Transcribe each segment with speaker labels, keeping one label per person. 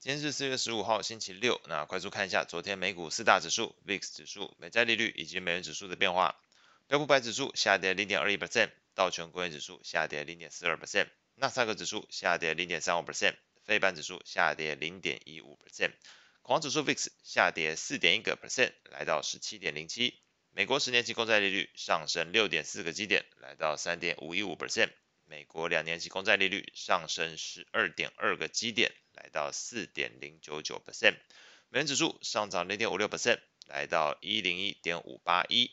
Speaker 1: 今天是四月十五號，星期六。那快速看一下昨天美股四大指數、VIX 指數、美債利率以及美元指數的變化。標普五百指數下跌零點二一百分，道瓊工業指數下跌零點四二百分，納斯達克指數下跌零點三五百分，費半指數下跌零點一五百分，恐慌指數 VIX 下跌四點一個百分，來到十七點零七。美國十年期公債利率上升六點四個基點，來到三點五一五百分美國兩年期公債利率上升十二點二個基點，來到四點零九九 %，percent，美元指數上漲零點五六 %，percent，來到一零一點五八一。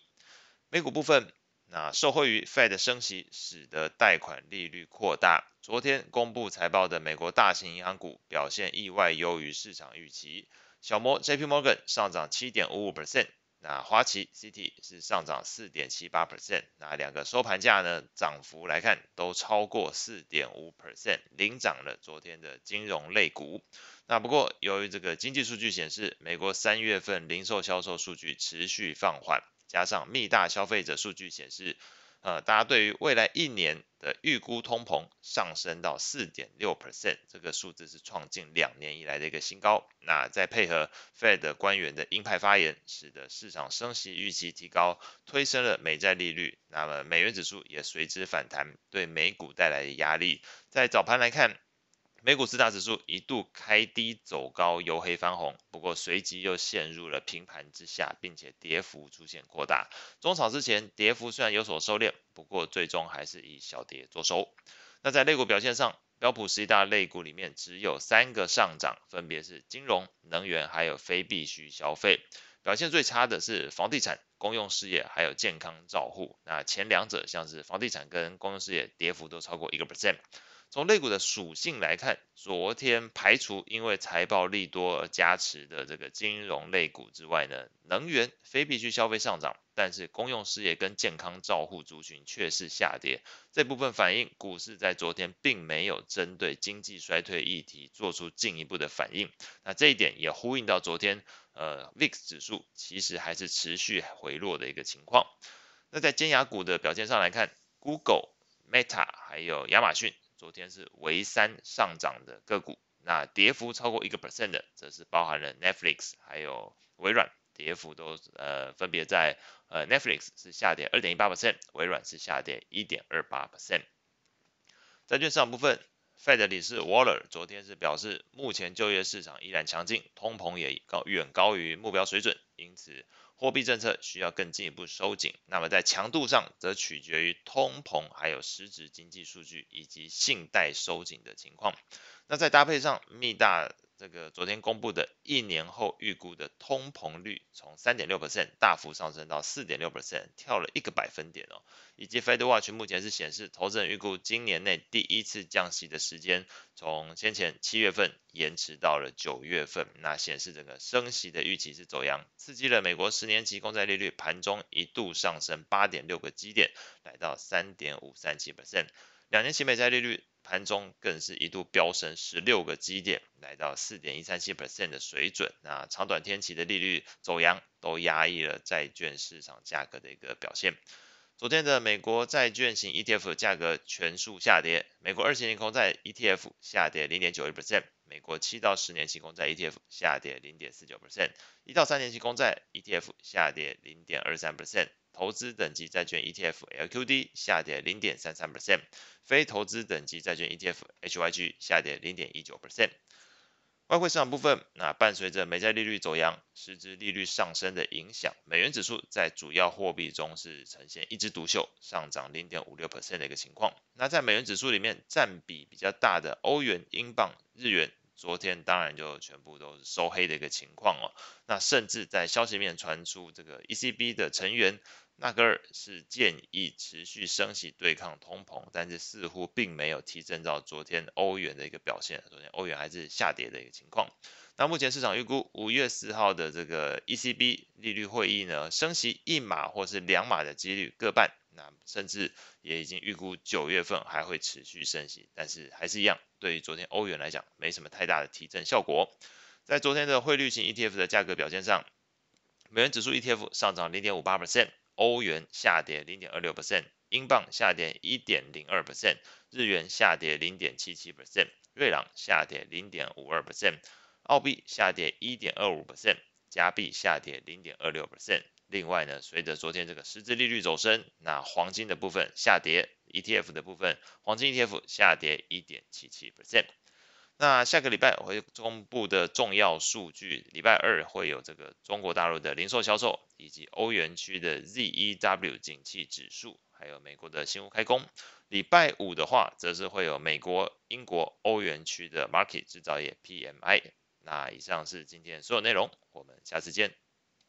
Speaker 1: 美股部分，那受惠於 Fed 升息，使得貸款利率擴大。昨天公布財報的美國大型銀行股表現意外優於市場預期，小摩 J.P.Morgan 上漲七點五五 %，percent。那花旗 City 是上漲四點七八 percent，那兩個收盤價呢，漲幅來看都超過四點五 percent，領漲了昨天的金融類股。那不過由於這個經濟數據顯示，美國三月份零售銷售數據持續放緩，加上密大消費者數據顯示，呃，大家對於未來一年。的預估通膨上升到四點六 percent，這個數字是創近兩年以來的一個新高。那再配合 Fed 官員的鷹派發言，使得市場升息預期提高，推升了美債利率，那麼美元指數也隨之反彈，對美股帶來的壓力。在早盤來看。美股四大指數一度開低走高，由黑翻紅，不過隨即又陷入了平盤之下，並且跌幅出現擴大。終場之前跌幅雖然有所收斂，不過最終還是以小跌作收。那在類股表現上，標普十一大類股裡面只有三個上漲，分別是金融、能源還有非必需消費。表現最差的是房地產、公用事業還有健康照護。那前兩者像是房地產跟公用事業跌幅都超過一個 percent。從類股的屬性來看，昨天排除因為財報利多而加持的這個金融類股之外呢，能源、非必需消費上漲，但是公用事業跟健康照護族群卻是下跌。這部分反應股市在昨天並沒有針對經濟衰退議題做出進一步的反應。那這一點也呼應到昨天，呃，VIX 指數其實還是持續回落的一個情況。那在尖牙股的表現上來看，Google、Meta 還有亞馬遜。昨天是唯三上漲的個股，那跌幅超過一個 percent 的，則是包含了 Netflix 還有微軟，跌幅都呃分別在呃 Netflix 是下跌二點一八 percent，微軟是下跌一點二八 percent。債券市場部分。Fed 理事 Waller 昨天是表示，目前就業市場依然強勁，通膨也高遠高於目標水準，因此貨幣政策需要更進一步收緊。那麼在強度上，則取決於通膨還有實質經濟數據以及信貸收緊的情況。那再搭配上密大。這個昨天公布的一年後預估的通膨率從，從三點六 percent 大幅上升到四點六 percent，跳了一個百分點哦。以及 Fed Watch 目前是顯示，投資人預估今年內第一次降息的時間，從先前七月份延遲到了九月份，那顯示整個升息的預期是走揚，刺激了美國十年期公債利率盤中一度上升八點六個基點，來到三點五三七 percent。兩年期美債利率。盤中更是一度飆升十六個基點，來到四點一三七 percent 的水準。那長短天期的利率走揚，都壓抑了債券市場價格的一個表現。昨天的美國債券型 ETF 價格全數下跌，美國二十年公債 ETF 下跌零點九一 percent，美國七到十年期公債 ETF 下跌零點四九 percent，一到三年期公債 ETF 下跌零點二三 percent。投資等級債券 ETF LQD 下跌零點三三 percent，非投資等級債券 ETF HYG 下跌零點一九 percent。外匯市場部分，那伴隨着美債利率走揚、實質利率上升的影響，美元指數在主要貨幣中是呈現一枝獨秀，上漲零點五六 percent 的一個情況。那在美元指數裡面占比比較大的歐元、英鎊、日元，昨天當然就全部都是收黑的一個情況哦。那甚至在消息裡面傳出這個 ECB 的成員。納格爾是建議持續升息對抗通膨，但是似乎並沒有提振到昨天歐元的一個表現。昨天歐元還是下跌的一個情況。那目前市場預估五月四號的這個 ECB 利率會議呢，升息一碼或是兩碼的幾率各半。那甚至也已經預估九月份還會持續升息，但是還是一樣，對於昨天歐元來講沒什麼太大的提振效果。在昨天的匯率型 ETF 的價格表現上，美元指數 ETF 上漲零點五八 percent。歐元下跌零點二六百分，英鎊下跌一點零二百分，日元下跌零點七七百分，瑞郎下跌零點五二百分，澳幣下跌一點二五百分，加幣下跌零點二六百分。另外呢，隨着昨天這個實質利率走升，那黃金的部分下跌，ETF 的部分黃金 ETF 下跌一點七七百分。那下個禮拜我會公布的重要數據，禮拜二會有這個中國大陸的零售銷售，以及歐元區的 ZEW 景氣指數，還有美國的新屋開工。禮拜五的話，則是會有美國、英國、歐元區的 Markit 製造業 PMI。那以上是今天的所有內容，我們下次見。